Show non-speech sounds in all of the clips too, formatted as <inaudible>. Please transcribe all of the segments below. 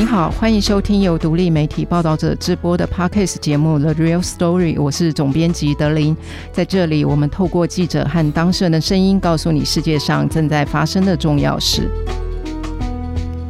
你好，歡迎收聽由獨立媒體報導者製播的 Podcast 節目《The Real Story》。我是總編輯德林，在這裡，我們透過記者和當事人的聲音，告訴你世界上正在發生的重要事。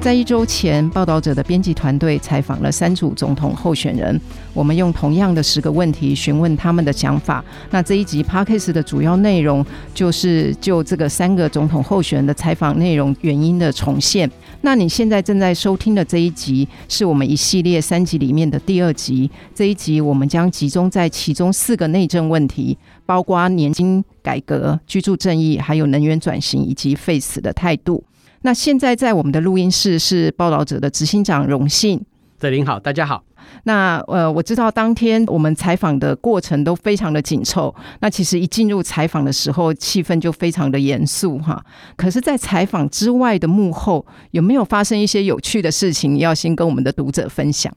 在一周前，報導者的編輯團隊採訪了三組總統候選人，我們用同樣的十個問題詢問他們的想法。那這一集 Podcast 的主要內容就是就這個三個總統候選人的採訪內容原音的重現。那你現在正在收聽的這一集，是我們一系列三集裡面的第二集。這一集我們將集中在其中四個內政問題，包括年金改革、居住正義、還有能源轉型以及廢死的態度。那現在在我們的錄音室是報導者的執行長榮幸。德琳好，大家好。那呃，我知道當天我們採訪的過程都非常的緊湊。那其實一進入採訪的時候，氣氛就非常的嚴肅哈。可是，在採訪之外的幕後，有沒有發生一些有趣的事情？要先跟我們的讀者分享。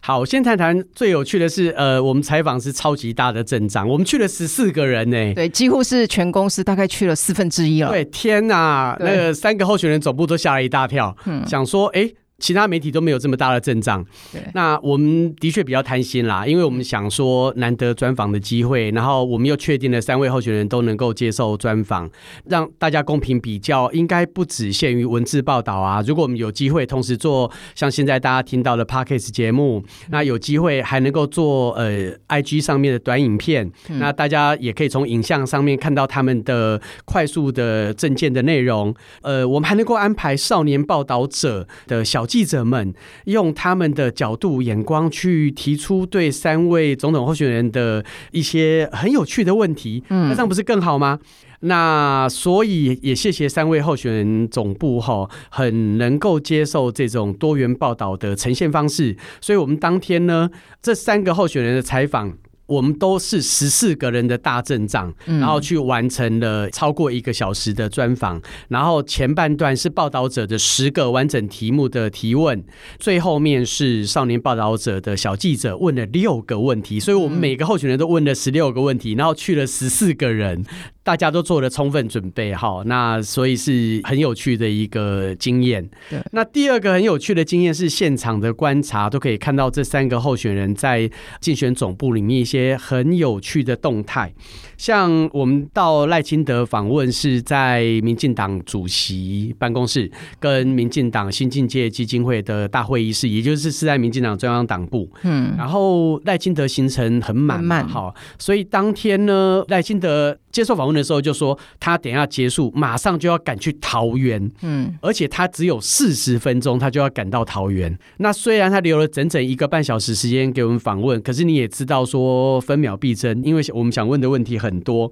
好，我先談談最有趣的是，呃，我們採訪是超級大的陣仗，我們去了十四個人呢、欸。對，幾乎是全公司大概去了四分之一了。對，天哪、啊，對那個三個候選人總部都嚇了一大跳，對想說，哎。其他媒體都沒有這麼大的陣仗。對，那我們的確比較貪心啦，因為我們想說難得專訪的機會，然後我們又確定了三位候選人都能夠接受專訪，讓大家公平比較，應該不只限於文字報道啊。如果我們有機會同時做，像現在大家聽到的 Podcast 節目，嗯、那有機會還能夠做呃，IG 上面的短影片，嗯、那大家也可以從影像上面看到他們的快速的政見的內容。呃，我們還能夠安排少年報道者的小。記者們用他們的角度、眼光去提出對三位總統候選人的一些很有趣的問題，嗯，那這樣不是更好嗎？那所以也謝謝三位候選人總部哈，很能夠接受這種多元報道的呈現方式。所以，我們當天呢，這三個候選人的採訪。我們都是十四個人的大陣仗，然後去完成了超過一個小時的專訪。然後前半段是報道者的十個完整題目的提問，最後面是少年報道者的小記者問了六個問題，所以我們每個候選人都問了十六個問題，然後去了十四個人。大家都做了充分準備，哈，那所以是很有趣的一個經驗。對那第二個很有趣的經驗是現場的觀察，都可以看到這三個候選人在競選總部裡面一些很有趣的動態。像我們到賴清德訪問是在民進黨主席辦公室，跟民進黨新境界基金會的大會議室，也就是是在民進黨中央黨部。嗯。然後賴清德行程很滿，好，所以當天呢，賴清德接受訪問的時候就說，他等下結束，馬上就要趕去桃園。嗯。而且他只有四十分鐘，他就要趕到桃園。那雖然他留了整整一個半小時時間給我們訪問，可是你也知道說分秒必爭，因為我們想問的問題很很多，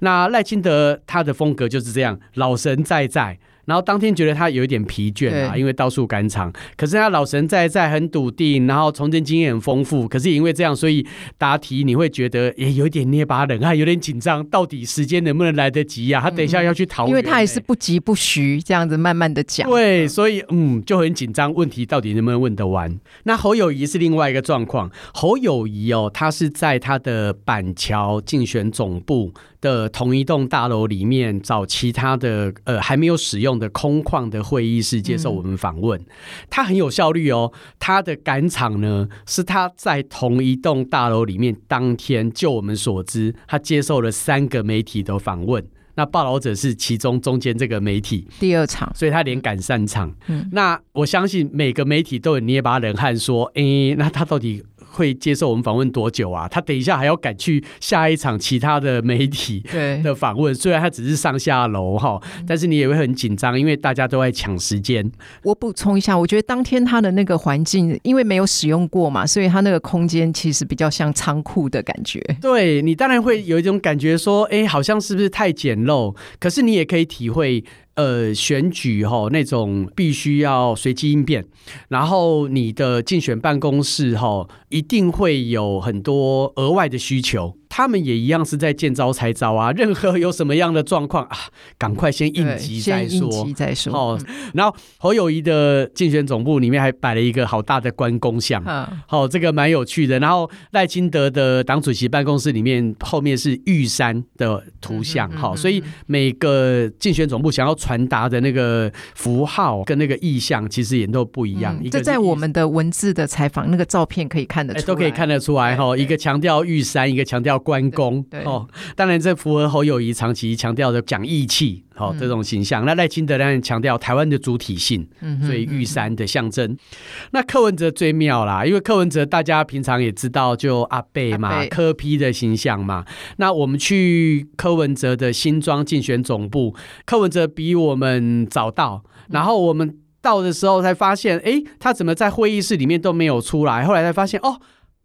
那賴清德他的風格就是這樣，老神在在。然後當天覺得他有一點疲倦啊，對因為到處趕場。可是他老神在在，很篤定。然後從政經驗很豐富，可是也因為這樣，所以答題你會覺得也有點捏把冷汗，有點緊張。到底時間能不能來得及呀？啊。嗯、他等一下要去桃園、欸。因為他也是不急不徐這樣子慢慢的講。對，所以嗯就很緊張，問題到底能不能問得完？那侯友宜是另外一個狀況。侯友宜哦，他是在他的板橋競選總部的同一棟大樓裡面，找其他的呃還沒有使用的空曠的會議室接受我們訪問，嗯、他很有效率哦。他的趕場呢是他在同一棟大樓裡面，當天就我們所知，他接受了三個媒體的訪問。那報導者是其中中間這個媒體第二場，所以他連趕三場。嗯、那我相信每個媒體都有捏把冷汗說，誒、欸，那他到底？會接受我們訪問多久啊？他等一下還要趕去下一場其他的媒體的訪問，對雖然他只是上下樓哈，但是你也會很緊張，因為大家都在搶時間。我補充一下，我覺得當天他的那個環境，因為沒有使用過嘛，所以他那個空間其實比較像倉庫的感覺。對，你當然會有一種感覺說，哎，好像是不是太簡陋？可是你也可以體會。呃，選舉吼，那種必須要隨機應變，然後你的競選辦公室吼，一定會有很多額外的需求。他們也一樣是在見招拆招啊！任何有什麼樣的狀況啊，趕快先應急再說。應急再說。哦，嗯、然後侯友宜的競選總部裡面還擺了一個好大的關公像。嗯。好、哦，這個蠻有趣的。然後賴清德的黨主席辦公室裡面後面是玉山的圖像。嗯，嗯、哦。所以每個競選總部想要傳達的那個符號跟那個意象，其實也都不一樣。嗯、一這在我們的文字的採訪那個照片可以看得出來，哎、都可以看得出來。哈，一個強調玉山，一個強調。關公，對、哦，當然這符合侯友宜長期強調的講義氣，好、哦嗯、這種形象。那賴清德當然強調台灣的主體性，所以玉山的象徵。嗯哼嗯哼，那柯文哲最妙啦，因為柯文哲大家平常也知道，就阿伯嘛，伯柯批的形象嘛。那我們去柯文哲的新莊競選總部，柯文哲比我們早到，然後我們到的時候才發現，哎、嗯欸，他怎麼在會議室裡面都沒有出來？後來才發現，哦。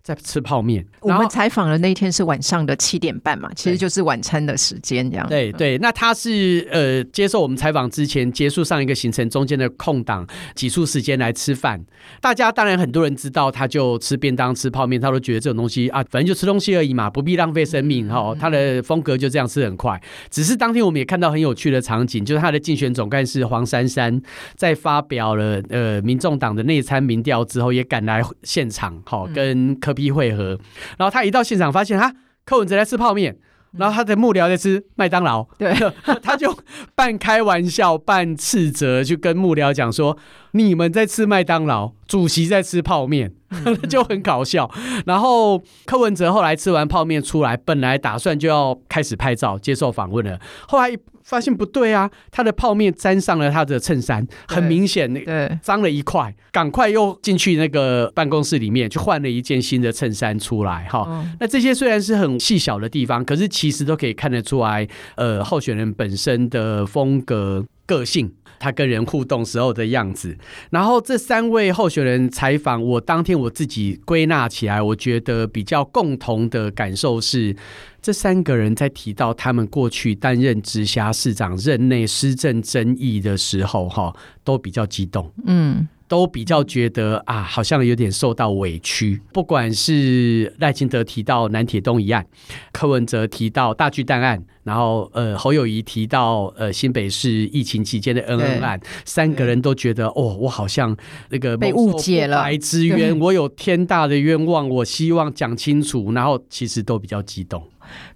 在吃泡面。然後我們採訪的那一天是晚上的七點半嘛，其實就是晚餐的時間這樣。對對，對，那他是呃接受我們採訪之前結束上一個行程中間的空檔，擠出時間來吃飯。大家當然很多人知道，他就吃便當、吃泡麵，他都覺得這種東西啊，反正就吃東西而已嘛，不必浪費生命哈。嗯。他的風格就這樣吃很快。只是當天我們也看到很有趣的場景，就是他的競選總幹事黃珊珊在發表了呃民眾黨的內參民調之後，也趕來現場哈、喔，跟柯。必會合，然後他一到現場發現啊，柯文哲在吃泡麵，然後他的幕僚在吃麥當勞，對、嗯，他就半開玩笑半斥責，就跟幕僚講說：“你們在吃麥當勞，主席在吃泡麵，嗯、 <laughs> 就很搞笑。”然後柯文哲後來吃完泡面出來，本來打算就要開始拍照接受訪問了，後來。發現不對啊！他的泡麵沾上了他的襯衫，很明顯，那個髒了一塊，趕快又進去那個辦公室裡面去換了一件新的襯衫出來。哈、嗯，那這些雖然是很細小的地方，可是其實都可以看得出來，呃，候選人本身的風格個性。他跟人互動時候的樣子，然後這三位候選人採訪我，當天我自己歸納起來，我覺得比較共同的感受是，這三個人在提到他們過去擔任直轄市長任內施政爭議的時候，哈，都比較激動。嗯。都比較覺得啊，好像有點受到委屈。不管是賴清德提到南鐵東一案，柯文哲提到大巨蛋案，然後呃侯友宜提到呃新北市疫情期間的恩恩案，對三個人都覺得哦，我好像那個被誤解了，白之冤，我有天大的冤枉，我希望講清楚。然後其實都比較激動。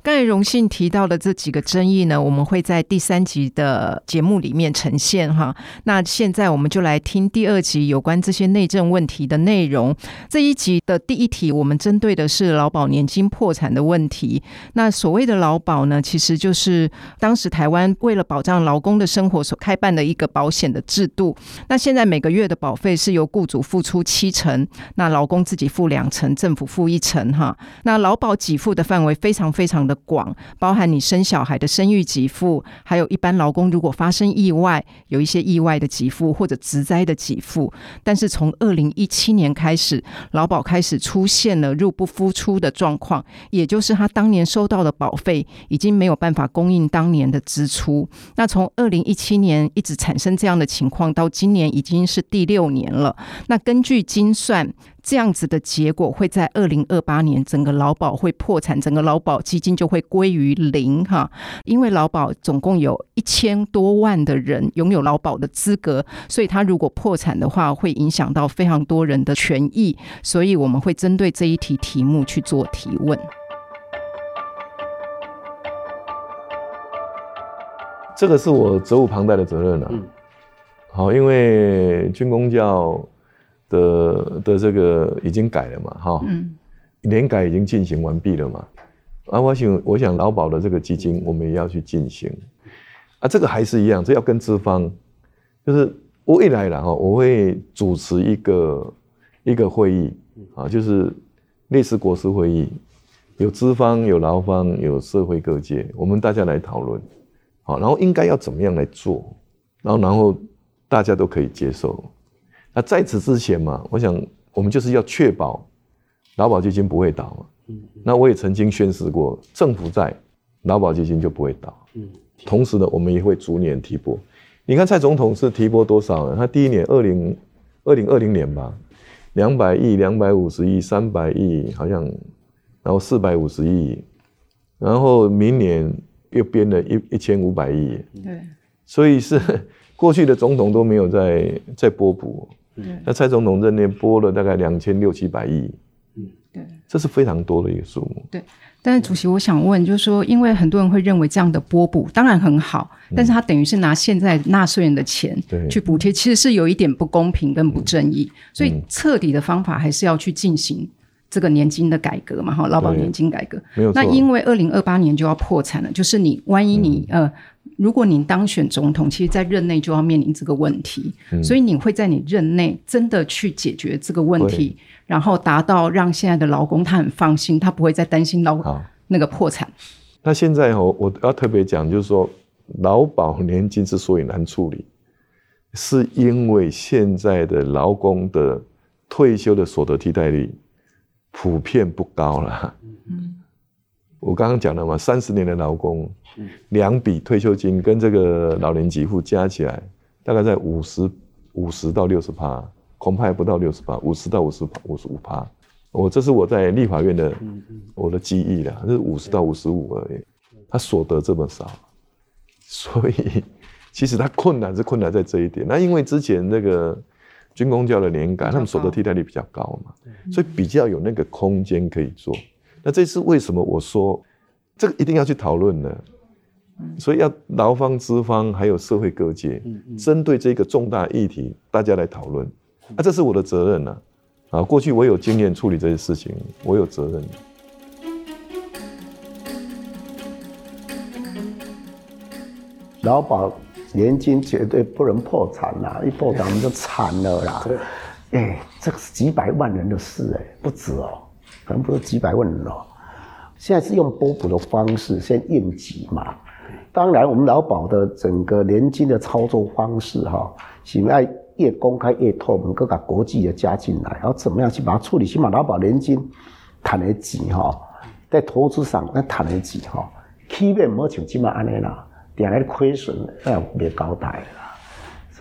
剛才榮幸提到的這幾個爭議呢，我們會在第三集的節目裡面呈現哈。那現在我們就來聽第二集有關這些內政問題的內容。這一集的第一題，我們針對的是勞保年金破產的問題。那所謂的勞保呢，其實就是當時台灣為了保障勞工的生活所開辦的一個保險的制度。那現在每個月的保費是由雇主付出七成，那勞工自己付兩成，政府付一成哈。那勞保給付的範圍非常非常的。廣，包含你生小孩的生育給付，還有一般勞工如果發生意外，有一些意外的給付或者職災的給付。但是從二零一七年開始，勞保開始出現了入不敷出的狀況，也就是他當年收到的保費已經沒有辦法供應當年的支出。那從二零一七年一直產生這樣的情況到今年已經是第六年了。那根據精算，這樣子的結果會在二零二八年，整個勞保會破產，整個勞保基金就會歸於零哈、啊。因為勞保總共有一千多萬的人擁有勞保的資格，所以他如果破產的話，會影響到非常多人的權益。所以我們會針對這一題題目去做提問。這個是我責無旁貸的責任啊。嗯、好，因為軍公教。的的這個已經改了嘛，哈，嗯，年改已經進行完畢了嘛，啊，我想我想勞保的這個基金我們也要去進行，啊，這個還是一樣，這要跟資方，就是未來了哈，我會主持一個一個會議啊，就是類似國事會議，有資方有勞方有社會各界，我們大家來討論，好，然後應該要怎麼樣來做，然後然後大家都可以接受。那在此之前嘛，我想我們就是要確保勞保基金不會倒。那我也曾經宣示過，政府在勞保基金就不會倒。同時呢，我們也會逐年提撥。你看蔡總統是提撥多少呢？他第一年二零二零二零年吧，兩百億、兩百五十億、三百億，好像，然後四百五十億，然後明年又編了一一千五百億。對。所以是過去的總統都沒有在在撥補。對那蔡總統任內撥了大概兩千六七百億，嗯，對，這是非常多的一個數目。對，但是主席，我想問，就是說，因為很多人會認為這樣的撥補當然很好，嗯、但是他等於是拿現在納稅人的錢去補貼，對其實是有一點不公平跟不正義。嗯、所以徹底的方法還是要去進行這個年金的改革嘛，哈，勞保年金改革。沒有錯。那因為二零二八年就要破產了，就是你萬一你、嗯、呃。如果你當選總統，其實，在任內就要面臨這個問題，嗯、所以你會在你任內真的去解決這個問題，對然後達到讓現在的勞工他很放心，他不會再擔心勞那個破產。那現在、哦、我要特別講，就是說，勞保年金之所以難處理，是因為現在的勞工的退休的所得替代率普遍不高了。嗯。我剛剛講了嘛，三十年的勞工，兩筆、嗯、退休金跟這個老年給付加起來，大概在五十、五十到六十趴，恐怕還不到六十趴，五十到五十五、五十五趴。我這是我在立法院的我的記憶啦，嗯嗯、這是五十到五十五而已。嗯、他所得這麼少，所以其實他困難是困難在這一點。那因為之前那個軍公教的年改，他們所得替代率比較高嘛，對所以比較有那個空間可以做。那這是為什麼我說這個一定要去討論呢？所以要勞方、資方還有社會各界，針對這個重大議題，大家來討論。那、啊、這是我的責任啊，啊過去我有經驗處理這些事情，我有責任。勞保年金絕對不能破產啦，一破產我們就慘了啦。哎 <laughs> 對、欸，這個是幾百萬人的事哎、欸，不止哦、喔。全部都幾百萬人了，哦，現在是用撥補的方式先應急嘛。當然，我們勞保的整個年金的操作方式哈，哦，是愛越公開越透明，各個國際的加進來，然後怎麼樣去把它處理？起碼勞保年金賺的錢。哈，在投資上那賺的錢哈，哦，起碼冇像今麥按呢啦，點虧損那別交代。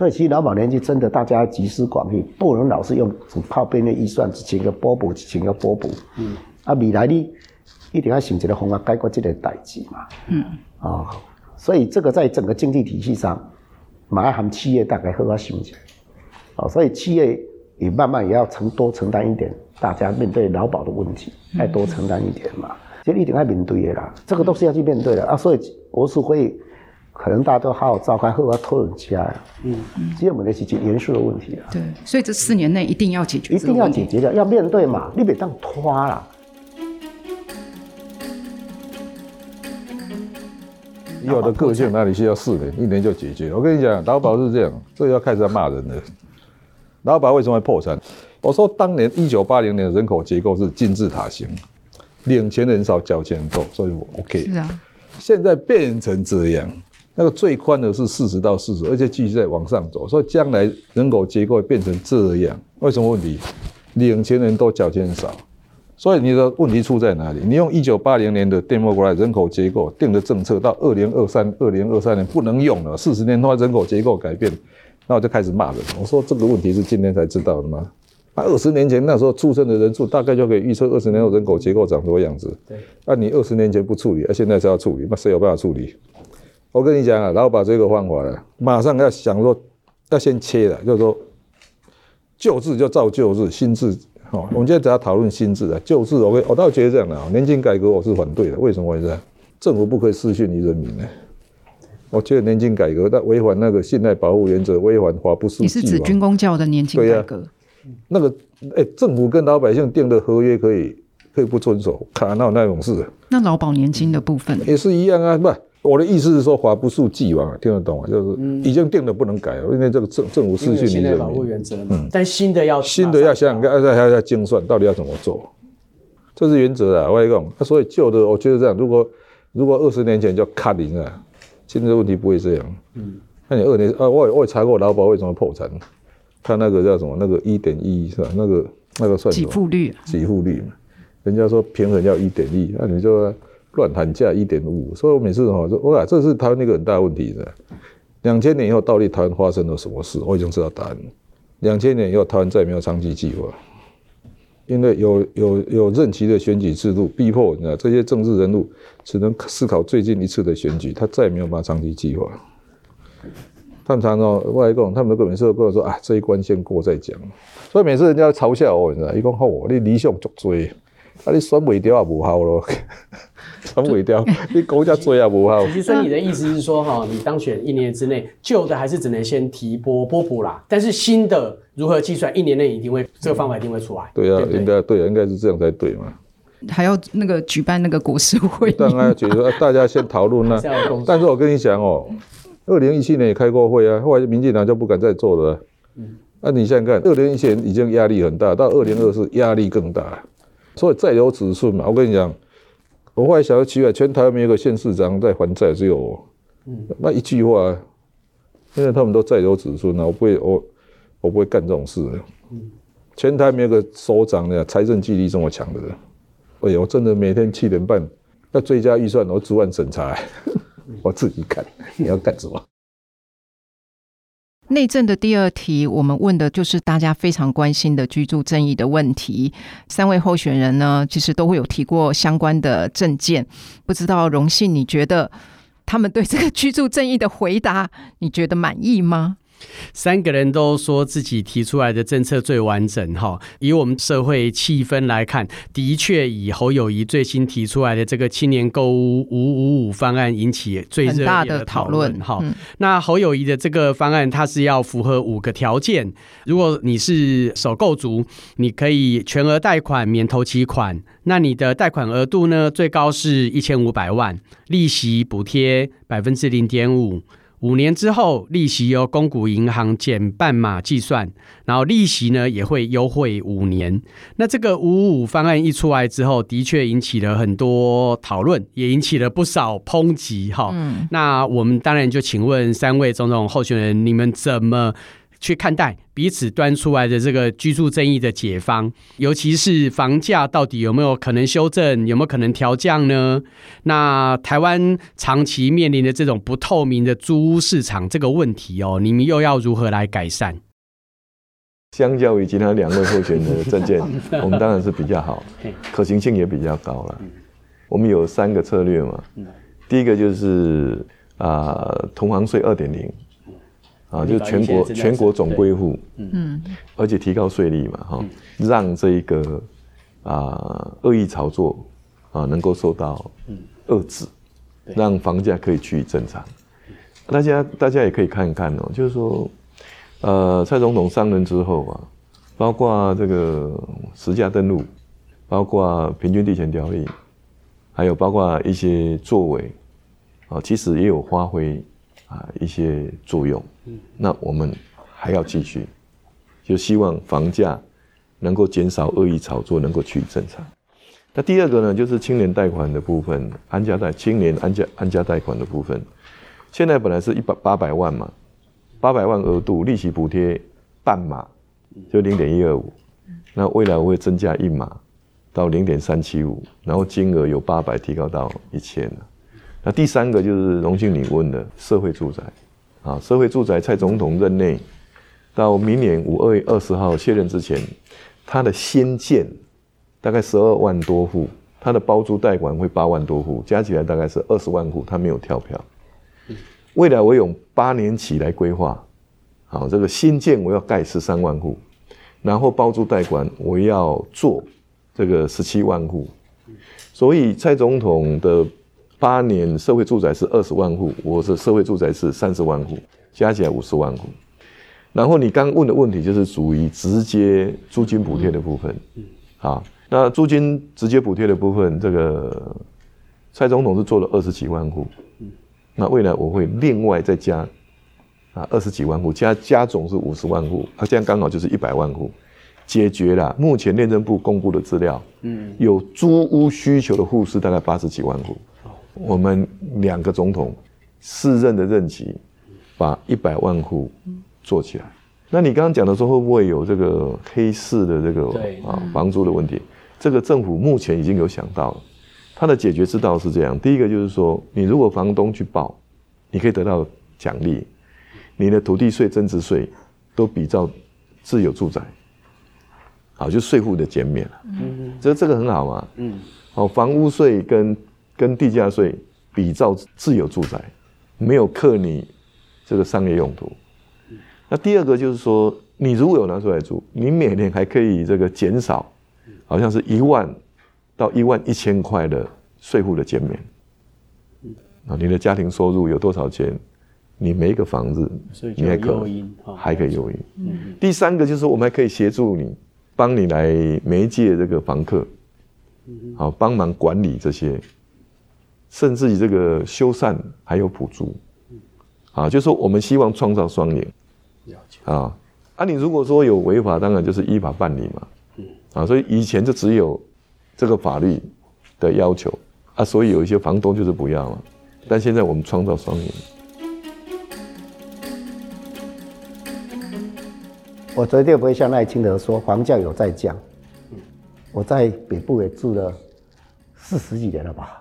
所以，其實勞保年金真的，大家集思廣益，不能老是用只靠變那預算，請個撥補，請個撥補。嗯，啊，未來呢一定要想一個方法解決這個代誌嘛。嗯，啊、哦，所以這個在整個經濟體系上，買航企業大概會要想想。啊、哦，所以企業也慢慢也要承多承擔一點，大家面對勞保的問題，要多承擔一點嘛。嗯、其實一定要面對的啦，這個都是要去面對的啊。所以我是會。可能大家都好好召開會，要拖人家呀、啊。嗯嗯，只有、嗯、我們的幾集嚴肅的問題啊。對，所以這四年內一定要解決。一定要解決掉，要面對嘛，嗯、你別當拖啦。有的個性哪裡需要四年？一年就解決。我跟你講，勞保是這樣，這要開始要罵人了。勞保為什麼會破產？我說，當年一九八零年的人口結構是金字塔形，領錢人少，交錢多，所以我 OK。是啊。現在變成這樣。那個最寬的是四十到四十，而且繼續在往上走，所以將來人口結構變成這樣。為什麼問題？領錢人多，繳錢少，所以你的問題出在哪裡？你用一九八零年的 demographic 人口結構定的政策，到二零二三、二零二三年不能用了。四十年後人口結構改變，那我就開始罵人。我說這個問題是今天才知道的嗎？那二十年前那時候出生的人數，大概就可以預測二十年後人口結構長什麼樣子。那對、啊、你二十年前不處理，現在就要處理，那誰有辦法處理？我跟你講啊，然後把這個方法，馬上要想說，要先切了，就是說舊制就照舊制，新制哦。我們現在主要討論新制啊，舊制 OK。我倒覺得這樣的啊，年金改革我是反對的。為什麼？會這樣政府不可以失信於人民的。我覺得年金改革它違反那個信賴保護原則，違反法不溯及。你是指軍公教的年金改革？啊、那個哎、欸，政府跟老百姓訂的合約可以可以不遵守，卡鬧那種事。那勞保年金的部分呢也是一樣啊，不。我的意思是說，法不溯及既往嘛，聽得懂啊？就是已經定的不能改了，因為這個政政府失去你的保護原則嘛。嗯。但新的要新的要想想看、啊，要要要精算到底要怎麼做？這是原則啊，我跟你講、啊。所以舊的，我覺得這樣，如果如果二十年前叫 cutting 啊，現在問題不會這樣。嗯。那你二年啊，我也我也查過勞保為什麼破產？他那個叫什麼？那個一點一，是吧？那個那個算給付率、啊？給付率嘛。人家說平衡要一點一，那你就、啊亂喊價一點五，所以我每次哈，我講、啊、這是台灣那個很大問題的。兩千年以後到底台灣發生了什麼事，我已經知道答案了。兩千年以後，台灣再也沒有長期計劃，因為有有有任期的選舉制度逼迫，你知道這些政治人物只能思考最近一次的選舉，他再也沒有辦法長期計劃。他們常常外國他們都跟每次跟我說啊，這一關先過再講。所以每次人家嘲笑我，你知道，他說，你理想作祟。那、啊、你選不掉也不好咯，選不掉， <laughs> 你講再多也不好。其實你的意思是說哈， <laughs> 你當選一年之內，舊 <laughs> 的還是只能先提撥、撥補啦，但是新的如何計算，一年內一定會這個方法一定會出來。嗯、對啊對對對應該對呀、啊，應該是這樣才對嘛。還要那個舉辦那個國是會，對啊，當然覺得說大家先討論那。 <laughs> 是但是我跟你講哦、喔，二零一七年也開過會啊，後來民進黨就不敢再做了、啊。那、嗯啊、你想想看，二零一七年已經壓力很大，到二零二四壓力更大。所以債留子孫嘛，我跟你講，我後來想說奇怪，全台灣沒有個縣市長在還債，只有我。那一句話，現在他們都債留子孫吶，我不會，我我不會幹這種事的。全台灣沒有個首長的財政紀律這麼強的人，哎呀，我真的每天七點半要追加預算，我逐案審查， <laughs> 我自己幹，你要幹什麼？內政的第二題，我們問的就是大家非常關心的居住正義的問題。三位候選人呢，其實都會有提過相關的政見。不知道榮幸，你覺得他們對這個居住正義的回答，你覺得滿意嗎？三個人都說自己提出來的政策最完整哈。以我們社會氣氛來看，的確以侯友宜最新提出來的這個青年購屋五五五方案引起最熱烈的討論哈。論那侯友宜的這個方案，它是要符合五個條件。如果你是首購族，你可以全額貸款免頭期款。那你的貸款額度呢，最高是一千五百萬，利息補貼百分之零點五。五年之後，利息由公股銀行減半碼計算，然後利息呢也會優惠五年。那這個五五五方案一出來之後，的確引起了很多討論，也引起了不少抨擊。哈，嗯，那我們當然就請問三位總統候選人，你們怎麼？去看待彼此端出來的這個居住正義的解方，尤其是房價到底有沒有可能修正，有沒有可能調降呢？那台灣長期面臨的這種不透明的租屋市場這個問題哦，你們又要如何來改善？相較於其他兩位候選人的政見， <laughs> 我們當然是比較好，可行性也比較高了。我們有三個策略嘛，第一個就是啊、呃，同行稅二點零。啊，就是全國全國總歸戶，嗯，而且提高稅率嘛，哈、啊，嗯、讓這一個啊惡意炒作啊能夠受到遏嗯遏制，讓房價可以趨於正常。大家大家也可以看一看哦、喔，就是說，呃，蔡總統上任之後啊，包括這個實價登錄，包括平均地權條例，還有包括一些作為，啊，其實也有發揮啊一些作用。那我們還要繼續，就希望房價能夠減少惡意炒作，能夠趨於正常。那第二個呢，就是青年貸款的部分，安家貸，青年安家安家貸款的部分，現在本來是一百八百萬嘛，八百萬額度，利息補貼半碼，就零點一二五。那未來我會增加一碼，到零點三七五，然後金額由八百提高到一千。那第三個就是榮幸你問的社會住宅。啊，社會住宅蔡總統任內，到明年五月二十號卸任之前，他的新建大概十二萬多戶，他的包租代管會八萬多戶，加起來大概是二十萬戶，他沒有跳票。未來我用八年起來規劃，好，這個新建我要蓋十三萬戶，然後包租代管我要做這個十七萬戶，所以蔡總統的。八年社會住宅是二十萬戶，我是社會住宅是三十萬戶，加起來五十萬戶。然後你剛問的問題就是屬於直接租金補貼的部分，嗯，好，那租金直接補貼的部分，這個蔡總統是做了二十幾萬戶，嗯，那未來我會另外再加，啊，二十幾萬戶，加加總是五十萬戶，啊，這樣剛好就是一百萬戶，解決了目前內政部公布的資料，嗯，有租屋需求的戶是大概八十幾萬戶。我們兩個總統四任的任期，把一百萬戶做起來。那你剛剛講的時候會不會有這個黑市的這個啊房租的問題？這個政府目前已經有想到了，他的解決之道是這樣：第一個就是說，你如果房東去報，你可以得到獎勵，你的土地稅、增值稅都比照自有住宅，好，就稅負的減免了。嗯，所以這個很好嘛。嗯，好，房屋稅跟跟地價稅比照自有住宅，沒有課你這個商業用途。那第二個就是說，你如果有拿出來住，你每年還可以這個減少，好像是一萬到一萬一千塊的稅負的減免。啊，你的家庭收入有多少錢，你每一個房子，你還可以要要還可以優於。嗯、哼第三個就是說我們還可以協助你，幫你來媒介這個房客，好幫忙管理這些。甚至於這個修繕還有補助，啊，就是說我們希望創造雙贏，啊，啊，你如果說有違法，當然就是依法辦理嘛，啊，所以以前就只有這個法律的要求，啊，所以有一些房東就是不要了，但現在我們創造雙贏。我絕對不會像賴清德說房價有在降，我在北部也住了四十幾年了吧。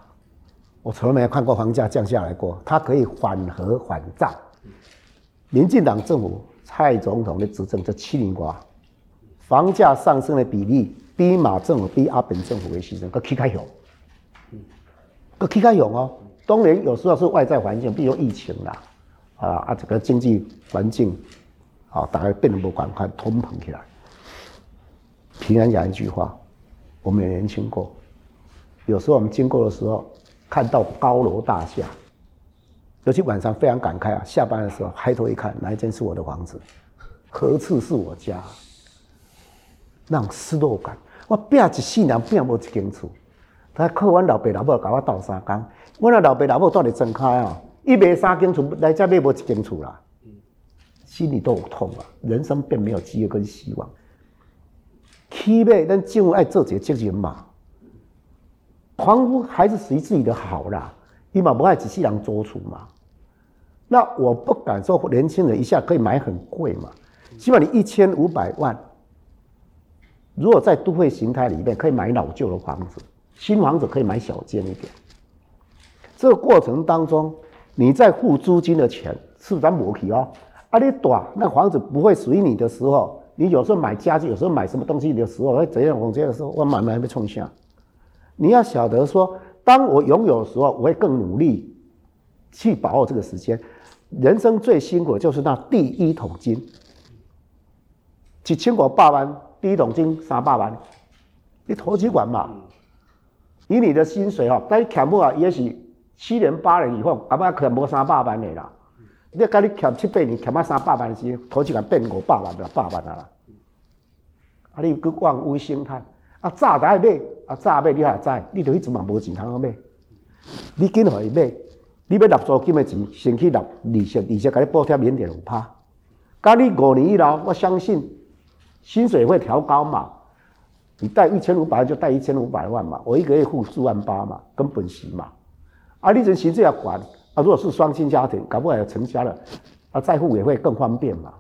我從來沒有看過房價降下來過，它可以緩和、緩漲。民進黨政府蔡總統的執政這七年，哇，房價上升的比例比馬政府、比阿扁政府的犧牲旗開個旗開勇哦。當然有時候是外在環境，比如疫情啦，啊啊這個經濟環境，啊大概並不趕快通膨起來。平安講一句話，我們也年輕過，有時候我們經過的時候。看到高樓大廈，尤其晚上非常感慨啊！下班的時候抬頭一看，哪一間是我的房子？何處是我家啊？那種失落感，我拼一世人拼無一間厝，他靠我老爸老媽教我鬥三工。我那老爸老媽到底怎開啊？一百三間厝，來再買無一間厝啦！心裡都有痛啊！人生並沒有機會跟希望，起碼咱就愛做些責任嘛。房屋還是屬於自己的好啦，你把不礙仔細想清楚嘛。那我不敢說年輕人一下可以買很貴嘛，起碼你一千五百萬。如果在都會形態裡面可以買老舊的房子，新房子可以買小間一點。這個過程當中，你在付租金的錢是不是咱磨皮哦？啊，你短那房子不會屬於你的時候，你有時候買家具，有時候買什麼東西的時候，或者怎樣，我這樣的時候，我買買還沒衝下。你要曉得說，當我擁有的時候，我會更努力去把握這個時間。人生最辛苦的就是那第一桶金，幾千塊、八萬，第一桶金三百萬。你投資管嘛？以你的薪水哦，但你乾末啊，也許七年八年以後，阿媽可能沒三百萬的啦。你跟你乾七八年，乾阿三百萬的時候，投資管變五百萬了，百萬了啦。阿、啊、你個萬無心態。啊，早就要買啊，早買你還在你就一直嘛無錢通好買。你緊讓伊買，你要納租金的錢先去納利息，利息給你補貼免點五趴，家你五年以後，我相信薪水會調高嘛。你貸一千五百萬就貸一千五百萬嘛，我一個月付四萬八嘛，根本行嘛。啊，你真其實也管啊。如果是雙親家庭，搞不好要成家了啊，再付也會更方便嘛。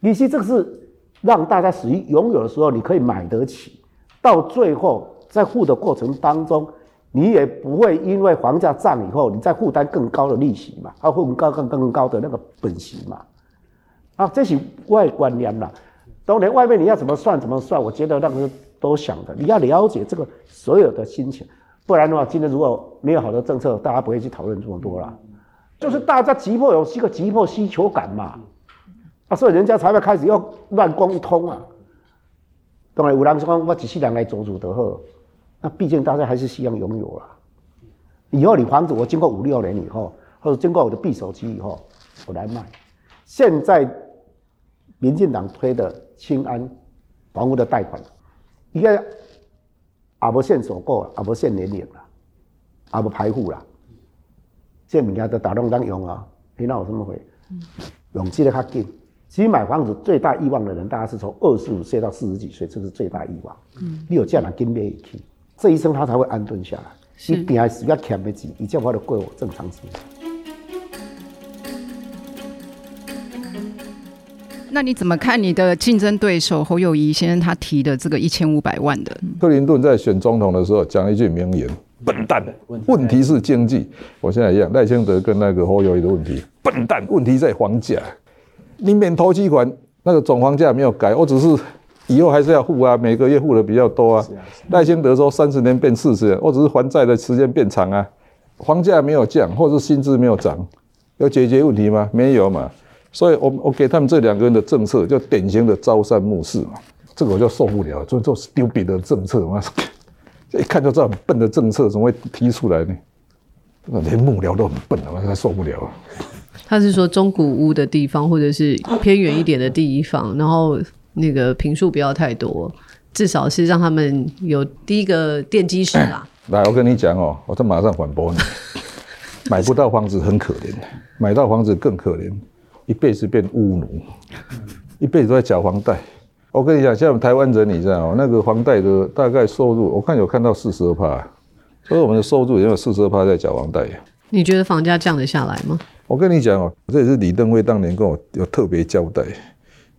利息這個是讓大家屬於擁有的時候，你可以買得起。到最後，在付的過程當中，你也不會因為房價漲以後，你再負擔更高的利息嘛，還會更高更高的那個本息嘛。啊，這是外觀念了，當然外面你要怎麼算怎麼算，我覺得讓人都想的。你要了解這個所有的心情，不然的話，今天如果沒有好的政策，大家不會去討論這麼多了。就是大家急迫有一個急迫需求感嘛，啊，所以人家才會開始要亂光一通啊。當然，有人講，我一世人來做主就好。那畢竟大家還是希望擁有啦。以後你房子，我經過五六年以後，或者經過我的閉鎖期以後，我來賣。現在，民進黨推的青安房屋的貸款，應該也無限首購，也無限年齡啦，也無排富啦，這物件都大同當用啊。你哪有這麼可以？用起來合勁。其實買房子最大慾望的人，大家是從二十五歲到四十幾歲，這是最大慾望。嗯，你有這樣子根基，這一生他才會安頓下來。是，你還是要欠的債，你才活得過正常生活。嗯、那你怎麼看你的競爭對手侯友宜先生他提的這個一千五百萬的？克林頓在選總統的時候講一句名言：“嗯、笨蛋，的問題是經濟。嗯”我現在一樣，賴清德跟那個侯友宜的問題，“嗯、笨蛋，問題在房價。”你免頭期款，那個總房價沒有改，我只是以後還是要付啊，每個月付的比較多啊。賴先、啊啊、德說三十年變四十，年，我只是還債的時間變長啊，房價沒有降，或是薪資沒有漲，有解決問題嗎？沒有嘛。所以我，我我給他們這兩個人的政策，就典型的朝三暮四嘛。這個我就受不了，就做做丟餅的政策嘛，這 <laughs> 一看就知道很笨的政策，怎麼會提出來呢？那連幕僚都很笨啊，我受不了。他是說中古屋的地方，或者是偏遠一點的地方，然後那個坪數不要太多，至少是讓他們有第一個奠基石啦。來，我跟你講喔，我這馬上反駁你。買不到房子很可憐，買到房子更可憐，一輩子變屋奴，一輩子都在繳房貸。我跟你講，像我們台灣人你知道喔，那個房貸的大概收入，我看有看到四十二趴，所以我們的收入也有四十二趴在繳房貸呀。你覺得房價降得下來嗎？我跟你講哦，這也是李登輝當年跟我有特別交代，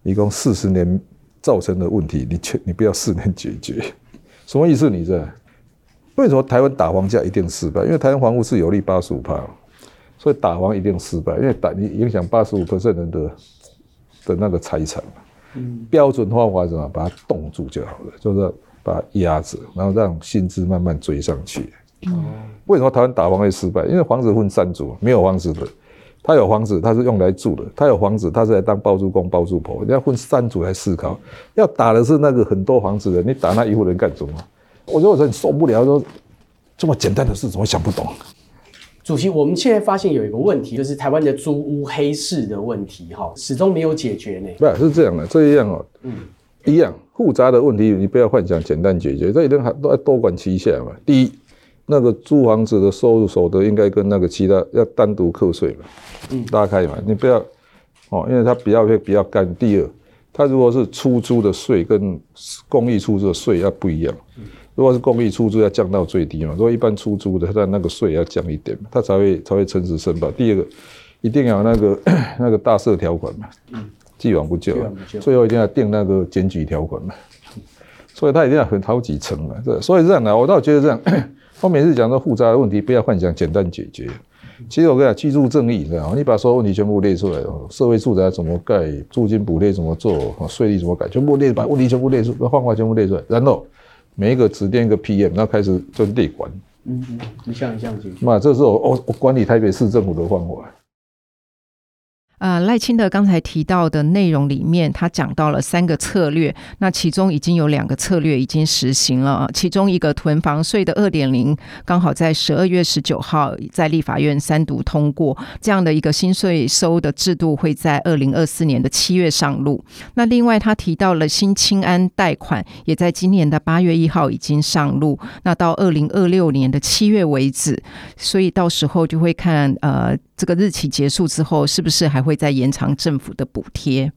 你共四十年造成的問題，你全你不要四年解決，什麼意思你？你這為什麼台灣打房價一定失敗？因為台灣房屋是有利八十五趴，所以打房一定失敗，因為打你影響八十五趴人的的那個財產。嗯，標準化法什麼，把它凍住就好了，就是把它壓住，然後讓薪資慢慢追上去。嗯，為什麼台灣打房會失敗？因為房子分三組，沒有房子的。他有房子，他是用來住的。他有房子，他是來當包租公、包租婆。你要分三組來思考，要打的是那個很多房子的人，你打那一戶人幹什麼？我，我說我受不了，說這麼簡單的事怎麼想不懂？主席，我們現在發現有一個問題，就是台灣的租屋黑市的問題，哈，始終沒有解決呢。不是、啊、是這樣的，這一樣哦、喔，一樣複雜的問題，你不要幻想簡單解決。這一定還都要多管齊下嘛，第一。那個租房子的收入所得應該跟那個其他要單獨課稅嘛？嗯，大家看嘛，你不要哦，因為他比較會比較乾。第二，他如果是出租的稅跟公益出租的稅要不一樣，嗯、如果是公益出租要降到最低嘛，如果一般出租的他那個稅要降一點嘛，他才會才會誠實申報。第二個，一定要那個、嗯、那個大赦條款嘛，嗯，既往不咎、啊，不最後一定要定那個檢舉條款嘛，所以他一定要分好幾層嘛，這所以這樣啊，我倒覺得這樣。我每次講到複雜的問題，不要幻想簡單解決。其實我跟你講，居住正義，你知道嗎？你把所有問題全部列出來，社會住宅怎麼蓋，租金補貼怎麼做，稅率怎麼改，全部列，把問題全部列出，把方法全部列出來，然後每一個指定一個 PM，然後開始就列管。嗯，像一項一項解決，嘛，這是我我我管理台北市政府的方法。呃，賴清德剛才提到的內容裡面，他講到了三個策略。那其中已經有兩個策略已經實行了啊。其中一個囤房稅的二點零，剛好在十二月十九號在立法院三讀通過，這樣的一個新稅收的制度會在二零二四年的七月上路。那另外他提到了新青安貸款，也在今年的八月一號已經上路。那到二零二六年的七月為止，所以到時候就會看呃。這個日期結束之後，是不是還會再延長政府的補貼？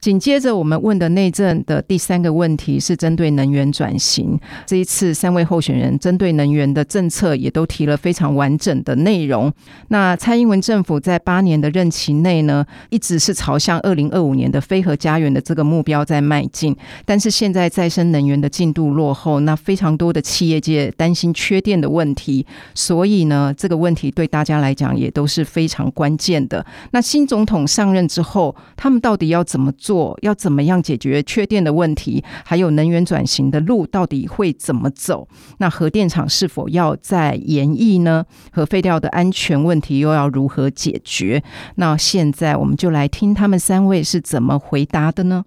緊接着，我們問的內政的第三個問題是針對能源轉型。這一次，三位候選人針對能源的政策也都提了非常完整的內容。那蔡英文政府在八年的任期內呢，一直是朝向二零二五年的非核家園的這個目標在邁進。但是現在再生能源的進度落後，那非常多的企業界擔心缺電的問題，所以呢，這個問題對大家來講也都是非常關鍵的。那新總統上任之後，他們到底要怎麼？做要怎麼樣解決缺電的問題，還有能源轉型的路到底會怎麼走？那核電廠是否要再延役呢？核廢料的安全問題又要如何解決？那現在我們就來聽他們三位是怎麼回答的呢？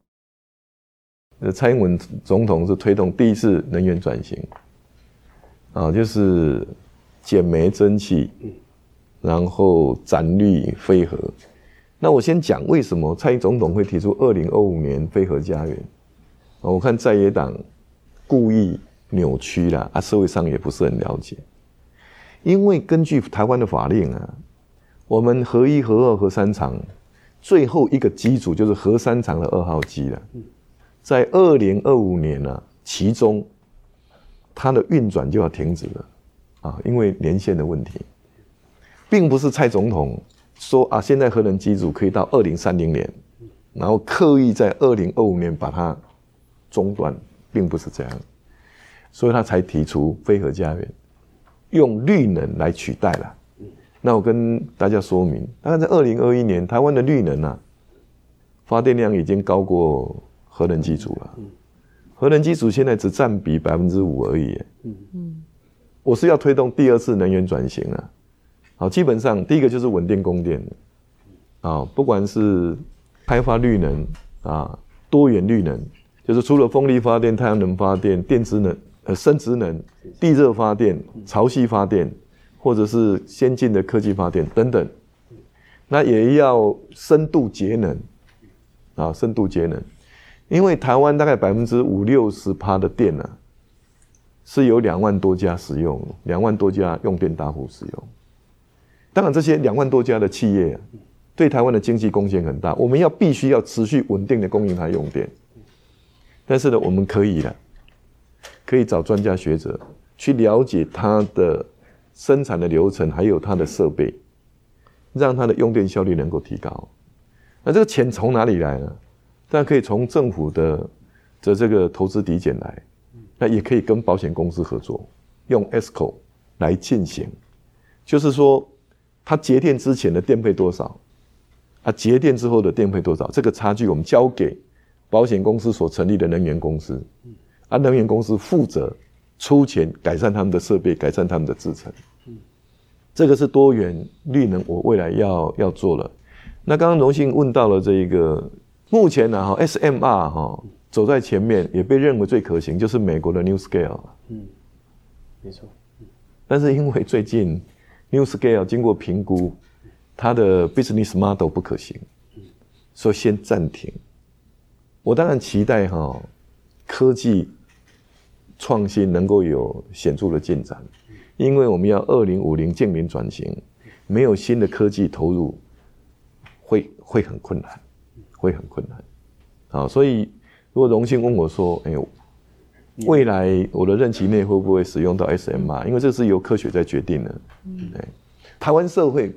蔡英文總統是推動第一次能源轉型啊，就是減煤增氣，然後展綠廢核。那我先講為什麼蔡英文總統會提出二零二五年非核家園？我看在野黨故意扭曲了，啊，社會上也不是很了解。因為根據臺灣的法令啊，我們核一、核二、核三廠最後一個機組就是核三廠的二號機了，在二零二五年呢，啊，其中它的運轉就要停止了啊，因為年限的問題，並不是蔡總統。說啊，現在核能機組可以到二零三零年，然後刻意在二零二五年把它中斷，並不是這樣，所以他才提出非核家園，用綠能來取代了。那我跟大家說明，大概在二零二一年，台灣的綠能啊發電量已經高過核能機組了，核能機組現在只佔比百分之五而已。我是要推動第二次能源轉型了。好，基本上第一個就是穩定供電，啊，不管是開發綠能啊，多元綠能，就是除了風力發電、太陽能發電、電子能、呃，生質能、地熱發電、潮汐發電，或者是先進的科技發電等等，那也要深度節能，啊，深度節能，因為台灣大概百分之五六十趴的電呢、啊，是由兩萬多家使用，兩萬多家用電大戶使用。當然，這些兩萬多家的企業啊，對台灣的經濟貢獻很大。我們要必須要持續穩定的供應它用電，但是呢，我們可以了，可以找專家學者去了解它的生產的流程，還有它的設備，讓它的用電效率能夠提高。那這個錢從哪裡來呢？當然可以從政府的的這個投資抵減來，那也可以跟保險公司合作，用 ESCO 來進行，就是說。他節電之前的電費多少？他、啊、節電之後的電費多少？這個差距我們交給保險公司所成立的能源公司，啊，能源公司負責出錢改善他們的設備，改善他們的制程。嗯，這個是多元綠能，我未來要要做了。那剛剛榮幸問到了這一個，目前呢、啊、哈、哦、SMR 哈、哦、走在前面，也被認為最可行，就是美國的 New Scale。嗯，沒錯。嗯、但是因為最近。New Scale 經過評估，它的 business model 不可行，所以先暫停。我當然期待哈、哦，科技創新能夠有顯著的進展，因為我們要二零五零淨零轉型，沒有新的科技投入，會會很困難，會很困難。好，所以如果榮幸問我說，哎。未來我的任期內會不會使用到 SMR？因為這是由科學在決定的。台灣社會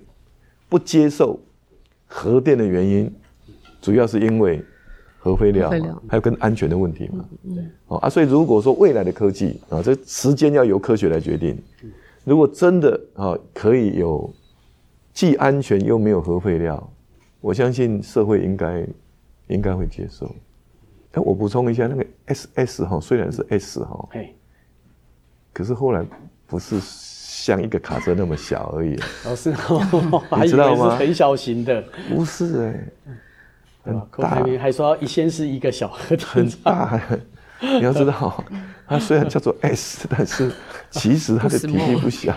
不接受核電的原因，主要是因為核廢料，廢料還有跟安全的問題嘛。嗯嗯、啊，所以如果說未來的科技啊，這時間要由科學來決定。如果真的啊可以有既安全又沒有核廢料，我相信社會應該應該會接受。哎，我補充一下，那個 S S 哈，雖然是 S 哈，可是後來不是像一個卡車那麼小而已。老師、哦，知道嗎？ <laughs> 還是很小型的。不是哎，郭台銘還說一先是一個小盒子。很大，你要知道，它雖然叫做 S，但是其實它的體積不小。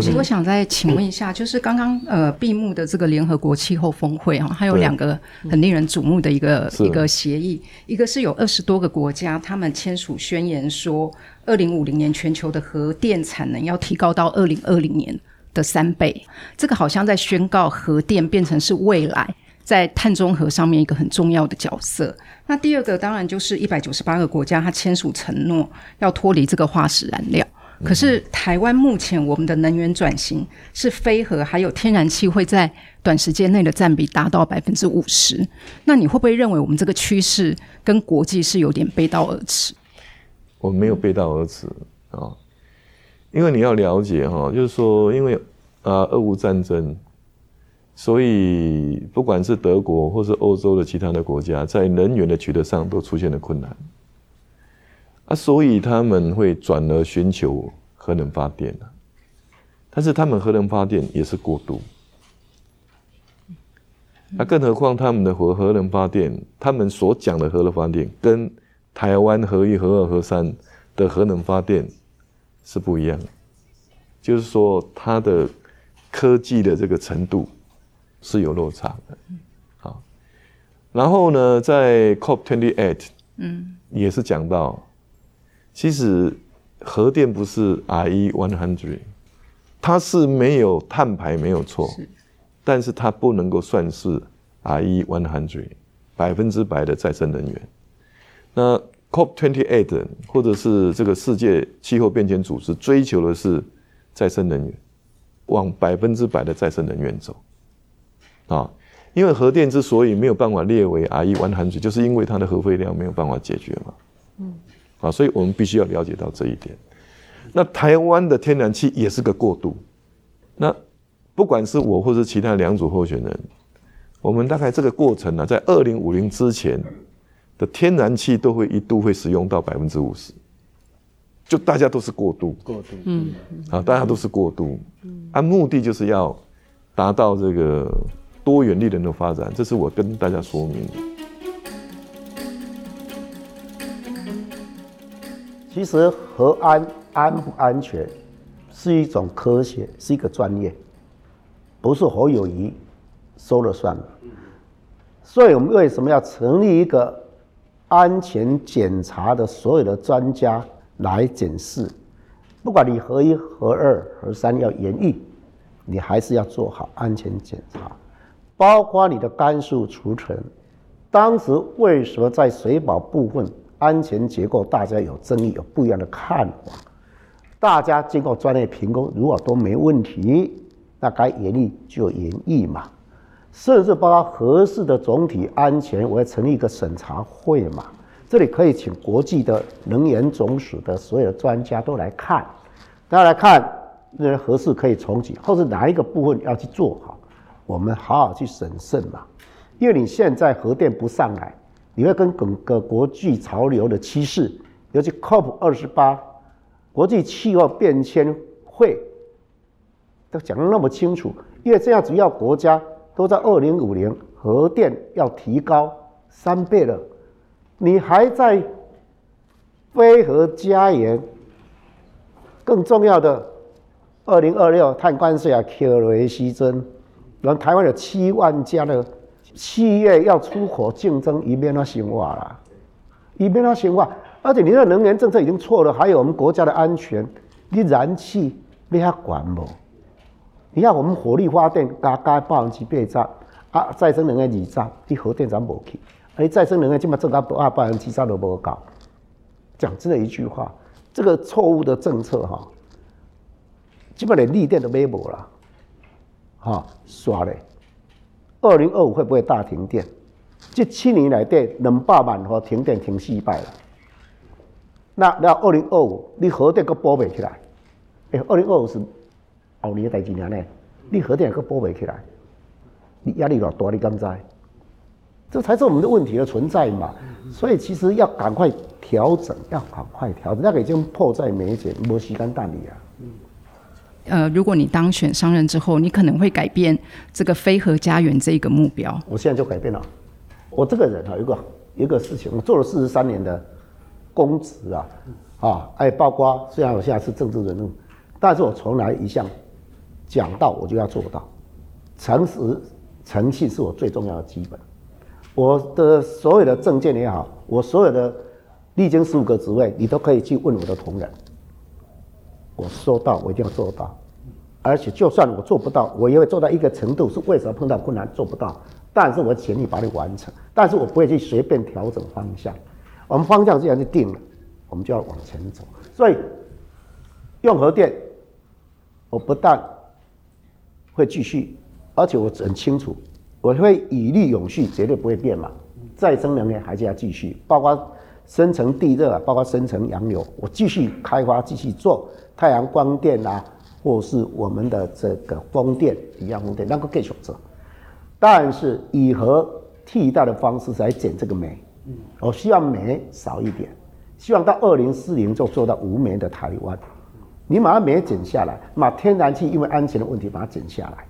其、嗯、我想再請問一下，就是剛剛呃閉幕的這個聯合國氣候峰會哈，它有兩個很令人矚目的一個對一個協議，一個是有二十多個國家他們簽署宣言說，說二零五零年全球的核電產能要提高到二零二零年的三倍，這個好像在宣告核電變成是未來在碳中和上面一個很重要的角色。那第二個當然就是一百九十八個國家它簽署承諾要脫離這個化石燃料。可是台灣目前我們的能源轉型是非核，還有天然氣會在短時間內的占比達到百分之五十。那你會不會認為我們這個趨勢跟國際是有點背道而馳？我沒有背道而馳啊，哦，因為你要了解哈，就是說，因為啊俄烏戰爭，所以不管是德國或是歐洲的其他的國家，在能源的取得上都出現了困難。所以他們會轉而尋求核能發電，但是他們核能發電也是過渡。那更何況他們的核核能發電，他們所講的核能發電跟台灣核一、核二、核三的核能發電是不一樣的，就是說它的科技的這個程度是有落差的。好，然後呢，在 COP twenty eight，嗯，也是講到。其實，核電不是 RE one hundred，它是沒有碳排沒有錯，是但是它不能夠算是 RE one hundred，百分之百的再生能源。那 COP twenty eight 或者是這個世界氣候變遷組織追求的是再生能源，往百分之百的再生能源走，啊，因為核電之所以沒有辦法列為 RE one hundred，就是因為它的核廢料沒有辦法解決嘛。嗯。啊，所以我們必須要了解到這一點。那台灣的天然氣也是個過渡。那不管是我或是其他兩組候選人，我們大概這個過程呢、啊，在二零五零之前的天然氣都會一度會使用到百分之五十，就大家都是過渡，過渡度，嗯，啊，大家都是過渡，按、啊、目的就是要達到這個多元力能的發展，這是我跟大家說明的。其實核安安不安全，是一種科學，是一個專業，不是侯友宜說了算了。所以，我們為什麼要成立一個安全檢查的所有的專家來檢視？不管你核一、核二、核三要延役，你還是要做好安全檢查，包括你的乾式儲存。當時為什麼在水保部分？安全結構大家有爭議，有不一樣的看法。大家經過專業評估，如果都沒問題，那該延役就延役嘛。甚至包括核四的總體安全，我要成立一個審查會嘛。這裡可以請國際的能源總署的所有的專家都來看，大家來看認為合適可以重啟，或是哪一個部分要去做好。我們好好去審慎嘛，因為你現在核電不上來。你會跟整個國際潮流的趨勢，尤其 COP 二十八國際氣候變遷會都講得那麼清楚，因為這樣主要國家都在二零五零核電要提高三倍了，你還在非核家園？更重要的，二零二六碳關稅啊，俄羅斯然後台灣有七萬家的。企業要出口競爭，一邊他消化啦，一邊他消化。而且你的能源政策已經錯了，還有我們國家的安全。你燃氣你還管不？你要我們火力發電加加百分之八十，啊，再生能源二十，你核電站沒去，且、啊、再生能源基本正加不二百分之三十都不搞。講真的一句話，這個錯誤的政策哈、喔，基本連綠電都買無啦，哈，耍咧。二零二五會不會大停電？這七年來電兩百萬，和停電停四百萬了。那二零二五，你核電都保不起來？哎，二零二五是後年的代誌呢？你核電都保不起來？你壓力老大，你敢知？這才是我們的問題的存在嘛。所以其實要趕快調整，要趕快調整，那個、已經迫在眉睫，沒時間耽擱呀。呃，如果你當選上任之後，你可能會改變這個非核家園這一個目標？我現在就改變了。我這個人哈有一個有一個事情，我做了四十三年的公職啊，啊，哎，包括雖然我現在是政治人物，但是我從來一向講到我就要做到，誠實誠信是我最重要的基本。我的所有的政見也好，我所有的歷經十五個職位，你都可以去問我的同仁。我說到，我一定要做到，而且就算我做不到，我也會做到一個程度。是為什麼碰到困難做不到？但是我全力把它完成，但是我不會去隨便調整方向。我們方向既然是定了，我們就要往前走。所以，用核電，我不但會繼續，而且我很清楚，我會以利永續，絕對不會變嘛。再生能源還是要繼續，包括深層地熱啊，包括深層洋流，我繼續開發，繼續做。太陽光電啊，或是我們的這個風電、離岸風電，那個可以選擇。但是以核替代的方式來減這個煤，我、哦、希望煤少一點，希望到二零四零就做到無煤的台灣。你把煤減下來，把天然氣因為安全的問題把它減下來，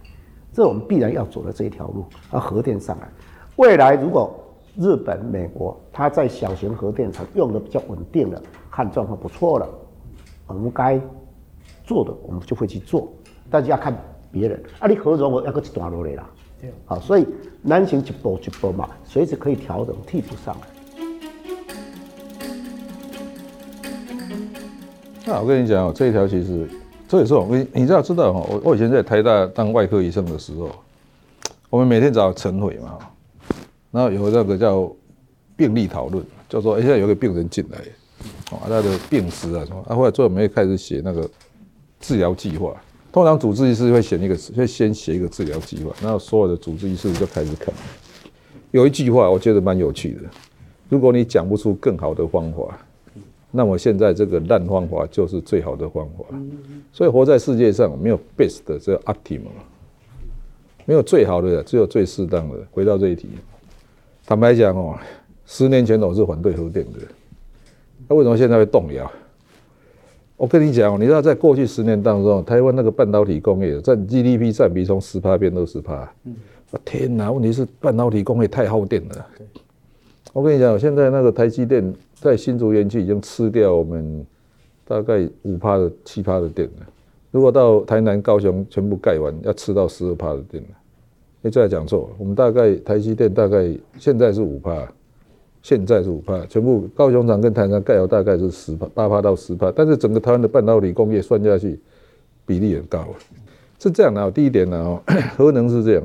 這我們必然要走的這一條路。而核電上來，未來如果日本、美國它在小型核電廠用的比較穩定狀況了，看狀況不錯了。我們該做的，我們就會去做，但是要看別人。啊，你何容我要擱一段落來啦？對好，所以難行一步一步嘛，隨時可以調整替補上來。那、啊、我跟你講，哦，這一條其實這也是你知道知道哈，我我以前在台大當外科醫生的時候，我們每天早上晨會嘛，然後有那個叫病例討論，叫做哎，現在有個病人進來。哦，他的病史啊，什麼？啊，後來最後沒有開始寫那個治療計劃。通常主治醫師會寫一個，會先寫一個治療計劃，然後所有的主治醫師就開始看。有一句話，我覺得蠻有趣的。如果你講不出更好的方法，那麼現在這個爛方法就是最好的方法。所以活在世界上沒有 best 的，只有 optimum。沒有最好的，只有最適當的。回到這一題，坦白講哦，十年前我是反對核電的。那、啊、為什麼現在會動搖？我跟你講，你知道在過去十年當中，台灣那個半導體工業占 GDP 占比從十趴變到二十趴。我天哪、啊！問題是半導體工業太耗電了。我跟你講，現在那個台積電在新竹園區已經吃掉我們大概五趴的七趴的電了。如果到台南、高雄全部蓋完，要吃到十二趴的電了。你再講錯，我們大概台積電大概現在是五趴。啊現在是五趴，全部高雄廠跟台南廠蓋好大概是十趴，八趴到十趴。但是整個台灣的半導體工業算下去，比例很高啊。是這樣的，第一點呢，核能是這樣。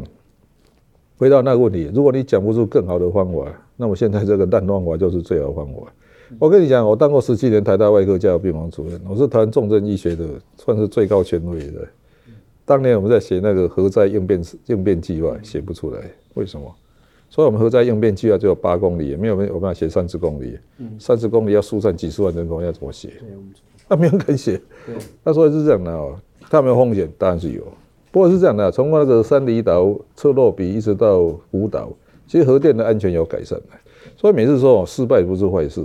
回到那個問題，如果你講不出更好的方法，那麼現在這個爛方法就是最好的方法。我跟你講，我當過十七年台大外科加護病房主任，我是台灣重症醫學的，算是最高權威的。當年我們在寫那個核災應變應變計劃，寫不出來，為什麼？所以，我們核災應變計畫啊，只有八公里，也沒有人，我們寫三十公里，三十公里要疏散幾十萬人口，要怎麼寫？那、嗯啊、沒有敢寫對、啊。所以是這樣的、啊、哦，它沒有風險，當然是有。不過是這樣的、啊，從那個三哩島、車諾比一直到福島，其實核電的安全有改善的。所以每次說哦，失敗不是壞事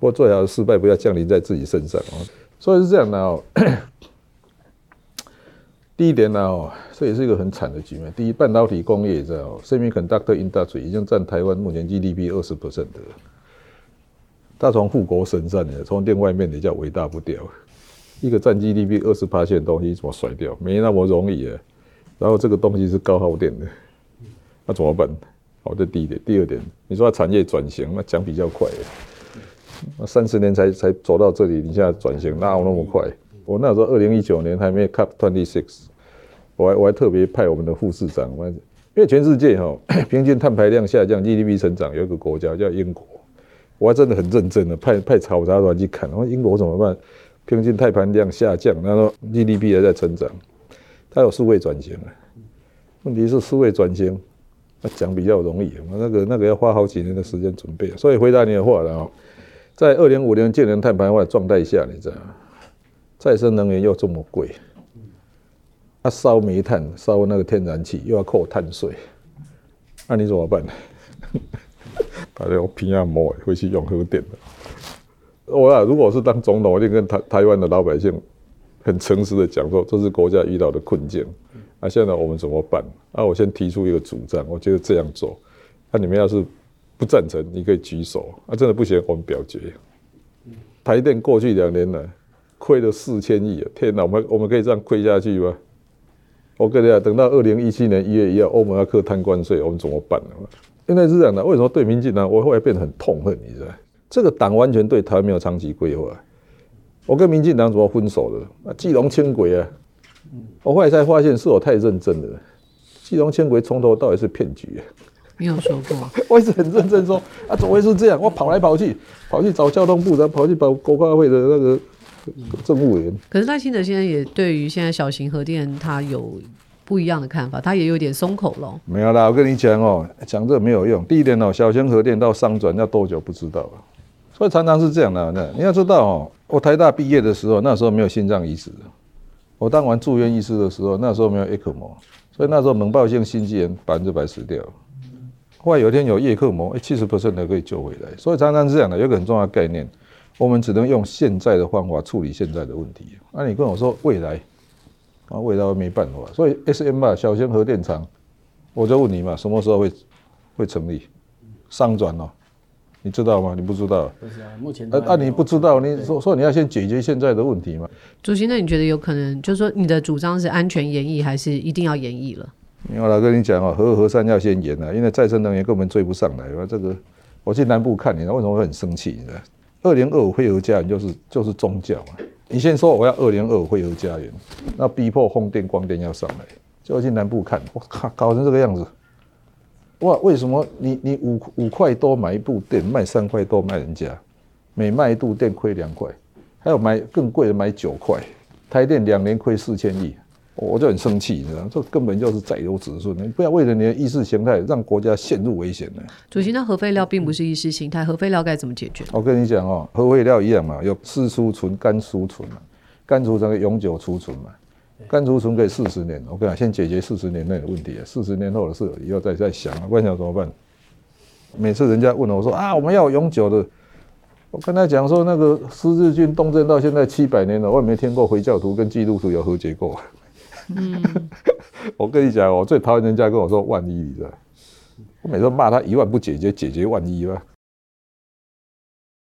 不過最好的失敗不要降臨在自己身上啊、哦。所以是這樣的、啊、哦。 <coughs> 第一點呢、啊，這也是一個很慘的局面。第一，半導體工業你知道，Semiconductor Industry 已經占台灣目前 GDP 二十 percent 的，大從富國身上的從另外一面你叫偉大不掉，一個占 GDP 二十 percent 的東西怎麼甩掉？沒那麼容易啊。然後這個東西是高耗電的，那、啊、怎麼辦？好、哦、的，第一點。第二點，你說它產業轉型，那講比較快、啊，那三十年才才走到這裡，你現在轉型哪有那麼快？我那時候二零一九年還沒有 Cup Twenty Six，我還我還特別派我們的副市長，我還因為全世界哈、哦、平均碳排量下降，GDP 成長有一個國家叫英國，我還真的很認真的派派考察團去看，然後英國怎麼辦？平均碳排量下降，然後 GDP 還在成長，它有數位轉型啊。問題是數位轉型，那講比較容易，我那個那個要花好幾年的時間準備。所以回答你的話了，在二零五零淨零碳排放狀態下，你知道嗎？再生能源又這麼貴，啊燒煤炭燒那個天然氣又要扣碳稅，那、啊、你怎麼辦呢？ <laughs> <laughs> 大家我拼命摸，回去用核電。我啊，如果我是當總統，我就跟台台灣的老百姓很誠實的講說，這是國家遇到的困境。那、啊、現在我們怎麼辦？啊，我先提出一個主張，我覺得這樣做。那、啊、你們要是不贊成，你可以舉手。啊，真的不行，我們表決。台電過去兩年來。虧了四千億啊！天哪，我們我們可以這樣虧下去嗎？我跟你講，等到二零一七年一月一號，歐盟要課碳關稅，我們怎麼辦呢、啊？因為是這樣的，為什麼對民進黨，我後來變得很痛恨？你知道，這個黨完全對台灣沒有長期規劃。我跟民進黨怎麼分手的？啊，基隆輕軌啊，我後來才發現是我太認真了。基隆輕軌從頭到尾是騙局、啊。沒有說過， <laughs> 我一直是很認真說啊，怎麼會是這樣？我跑來跑去，跑去找交通部，然後跑去找國發會的那個政務委員。可是賴清德先生也對於現在小型核電，他有不一樣的看法，他也有點鬆口了。沒有啦，我跟你講哦、喔，講這個沒有用。第一點哦、喔，小型核電到商轉要多久不知道啊。所以常常是這樣的，你要知道哦、喔，我台大畢業的時候，那時候沒有心臟移植。我當完住院醫師的時候，那時候沒有葉克膜，所以那時候猛爆性心肌炎百分之百死掉。後來有一天有葉克膜，哎、欸，七十 percent 的可以救回來。所以常常是這樣的，有一個很重要的概念。我們只能用現在的方法處理現在的問題。那、啊、你跟我說未來，啊，未來我沒辦法，所以 SMR 啊，小型核電廠，我就問你嘛，什麼時候會會成立？商轉哦，你知道嗎？你不知道？不是啊，目前。啊啊，你不知道？你說對你說，說你要先解決現在的問題嘛？主席，那你覺得有可能？就是說你的主張是安全延役，還是一定要延役了？我跟你講啊、哦，核核三要先延啊，因為再生能源根本追不上來。這個我去南部看你，為什麼會很生氣？你知道？二零二五非核家園，就是就是宗教嘛。你先說我要二零二五非核家園，那逼迫風電、光電要上來。就要進南部看，我靠，搞成這個樣子，哇！為什麼你你五五塊多買一度電，賣三塊多賣人家，每賣一度電虧兩塊，還有買更貴的買九塊，台電兩年虧四千億。我就很生氣，你知道，這根本就是宰油指數，你不要為了你的意識形態，讓國家陷入危險。主席，那核廢料並不是意識形態，核廢料該怎麼解決？我跟你講哦、喔，核廢料一樣嘛，有濕儲存、乾儲存嘛，乾儲存可以永久儲存嘛，乾儲存可以四十年。我跟你講，先解決四十年內的問題。四十年後的事以後再再想啊。我不然想怎麼辦？每次人家問了我說啊，我們要永久的，我跟他講說那個十字軍東征到現在七百年了，我還沒聽過回教徒跟基督徒有和解過？嗯， <laughs> 我跟你講，我最討厭人家跟我說“萬一”，你知道，我每次罵他一萬不解決，解決萬一了。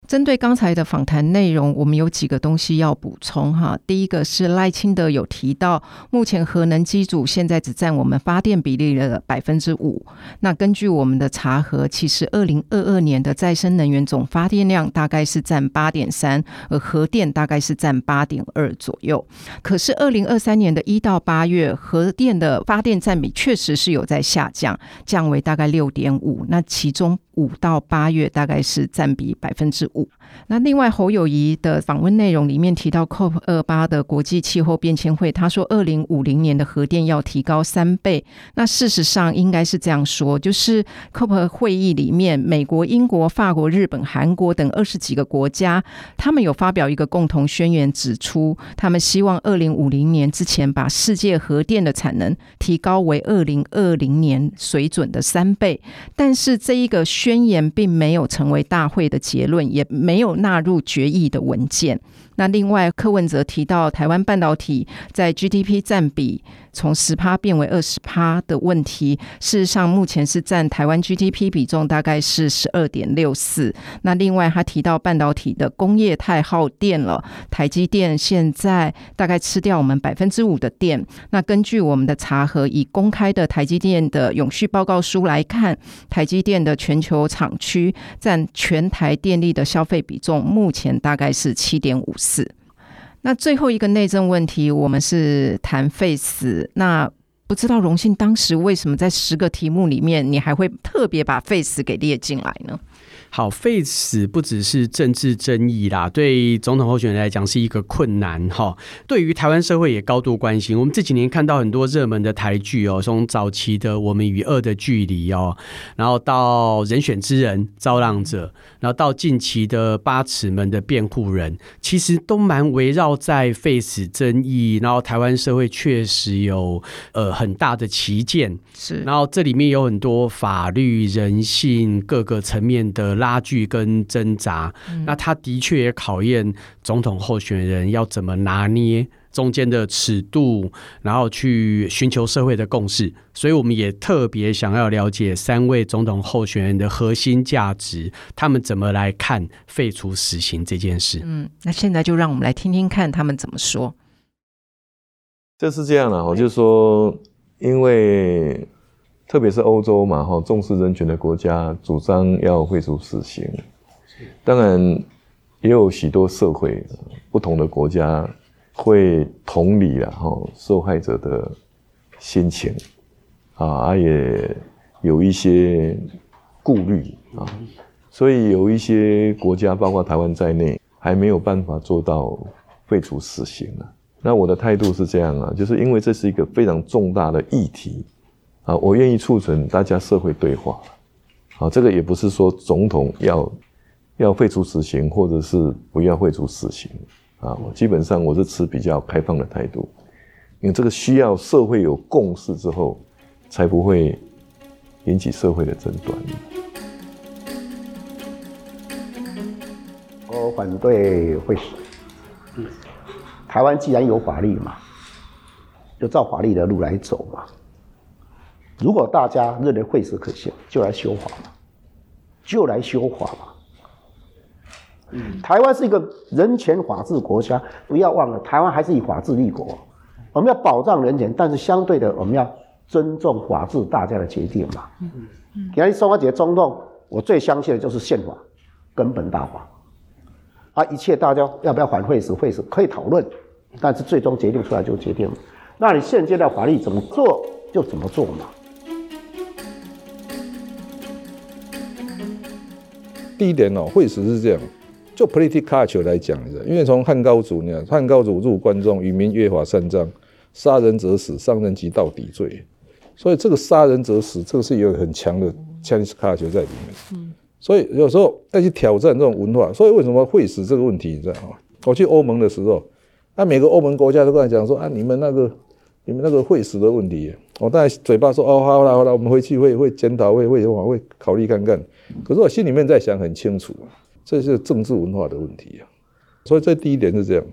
針對剛才的訪談內容，我們有幾個東西要補充哈。第一個是賴清德有提到，目前核能機組現在只佔我們發電比例的百分之五。那根據我們的查核，其實二零二二年的再生能源總發電量大概是佔八點三，而核電大概是佔八點二左右。可是二零二三年的一到八月，核電的發電佔比確實是有在下降，降為大概六點五。那其中。五到八月大概是占比百分之五。那另外，侯友宜的訪問內容裡面提到 COP 二八的國際氣候變遷會，他說二零五零年的核電要提高三倍。那事實上應該是這樣說，就是 COP 會議裡面，美國、英國、法國、日本、韓國等二十幾個國家，他們有發表一個共同宣言，指出他們希望二零五零年之前把世界核電的產能提高為二零二零年水準的三倍。但是這一個宣言並沒有成為大會的結論，也沒有。納入決議的文件。那另外，柯文哲提到台灣半導體在 GDP 佔比從十趴變為二十趴的問題，事實上目前是佔台灣 GDP 比重大概是十二點六四。那另外，他提到半導體的工業太耗電了，台積電現在大概吃掉我們百分之五的電。那根據我們的查核，以公開的台積電的永續報告書來看，台積電的全球廠區占全台電力的消費比。鐘目前大概是七點五四。那最後一個內政問題，我們是談廢死。那不知道榮幸當時為什麼在十個題目裡面，你還會特別把廢死給列進來呢？好，廢 e 不只是政治爭議啦，對總統候選人來講是一個困難哈。對於台灣社會也高度關心，我們這幾年看到很多熱門的台劇哦、喔，從早期的《我們與惡的距離》哦，然後到《人選之人》、《招浪者》，然後到近期的《八尺門的辯護人》，其實都蠻圍繞在廢 e 爭議。然後台灣社會確實有呃很大的旗艦，是。然後這裡面有很多法律、人性各個層面的差距跟掙扎，那他的確也考驗總統候選人要怎麼拿捏中間的尺度，然後去尋求社會的共識。所以，我們也特別想要了解三位總統候選人的核心價值，他們怎麼來看廢除死刑這件事。嗯，那現在就讓我們來聽聽看他們怎麼說。這是這樣的，我就說，因為。特別是歐洲嘛，哈重視人權的國家主張要廢除死刑。當然，也有許多社會不同的國家會同理啊，哈受害者的心情啊，而也有一些顧慮啊，所以有一些國家，包括台灣在內，還沒有辦法做到廢除死刑啊。那我的態度是這樣啊，就是因為這是一個非常重大的議題。啊，我願意促成大家社會對話，啊，這個也不是說總統要要廢除死刑，或者是不要廢除死刑，啊，我基本上我是持比較開放的態度，因為這個需要社會有共識之後，才不會引起社會的爭端。我反對廢死。嗯，台灣既然有法律嘛，就照法律的路來走嘛。如果大家認為廢死可行，就來修法嘛，就來修法嘛。嗯，台灣是一個人權法治國家，不要忘了，台灣還是以法治立國。我們要保障人權，但是相對的，我們要尊重法治，大家的決定嘛。嗯嗯，你看雙阿姐中統，我最相信的就是憲法，根本大法。啊，一切大家要不要反廢死廢死可以討論，但是最終決定出來就決定了。那你現階段法律怎麼做就怎麼做嘛。第一點哦，廢死是這樣，就 political culture 來講，因為從漢高祖，你看漢高祖入關中，與民約法三章，殺人者死，傷人及盜抵罪，所以這個殺人者死，這個是有一個很強的 Chinese culture 在裡面。所以有時候要去挑戰這種文化，所以為什麼廢死這個問題，你知道嗎？我去歐盟的時候，啊，每個歐盟國家都跟我講說，啊，你們那個。你們那個廢死的問題，我當然嘴巴說哦，好了好了，我們回去會會檢討會會會，會，會考慮看看。可是我心裡面在想很清楚，這是政治文化的問題。所以這第一點是這樣，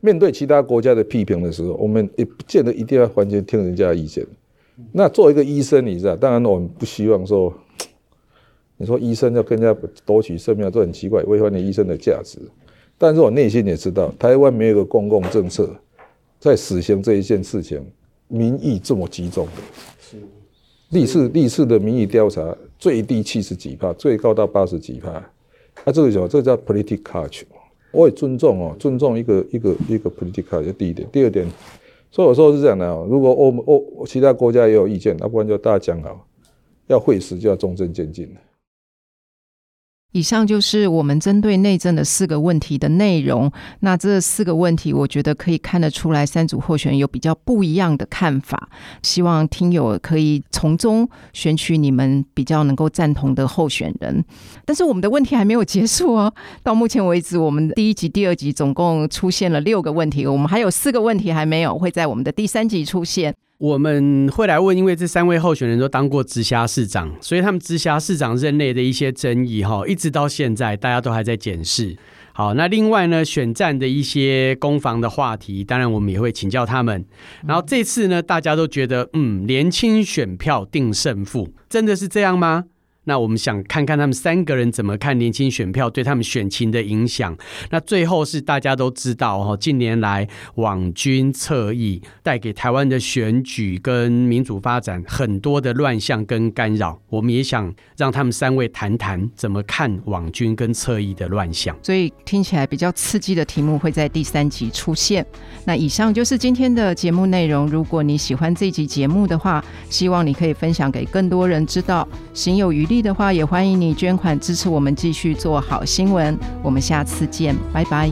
面對其他國家的批評的時候，我們也不見得一定要完全聽人家的意見。那作為一個醫生，你知道，當然我們不希望說，你說醫生要更加奪取生命，這很奇怪，違反了醫生的價值。但是我內心也知道，台灣沒有一個公共政策。在死刑這一件事情，民意這麼集中的是，歷次歷次的民意調查最低七十幾趴，最高到八十幾趴。啊，這個叫什麼？這個叫 political culture。我也尊重哦，尊重一個一個一個 political culture。第一點，第二點，所以我說是這樣的啊。如果歐歐其他國家也有意見，那不然就大家講好，要會時就要終身監禁。以上就是我們針對內政的四個問題的內容。那這四個問題，我覺得可以看得出來，三組候選人有比較不一樣的看法。希望聽友可以從中選取你們比較能夠贊同的候選人。但是我們的問題還沒有結束哦。到目前為止，我們第一集、第二集總共出現了六個問題，我們還有四個問題還沒有，會在我們的第三集出現。我們會來問，因為這三位候選人都當過直轄市長，所以他們直轄市長任內的一些爭議，哈，一直到現在大家都還在檢視。好，那另外呢，選戰的一些攻防的話題，當然我們也會請教他們。然後這次呢，大家都覺得，嗯，年輕選票定勝負，真的是這樣嗎？那我們想看看他們三個人怎麼看年輕選票對他們選情的影響。那最後是大家都知道哈，近年來網軍側翼帶給台灣的選舉跟民主發展很多的亂象跟干擾。我們也想讓他們三位談談怎麼看網軍跟側翼的亂象。所以聽起來比較刺激的題目會在第三集出現。那以上就是今天的節目內容。如果你喜歡這集節目的話，希望你可以分享給更多人知道。行有餘力。的話，也歡迎你捐款支持我們，繼續做好新聞。我們下次見，拜拜。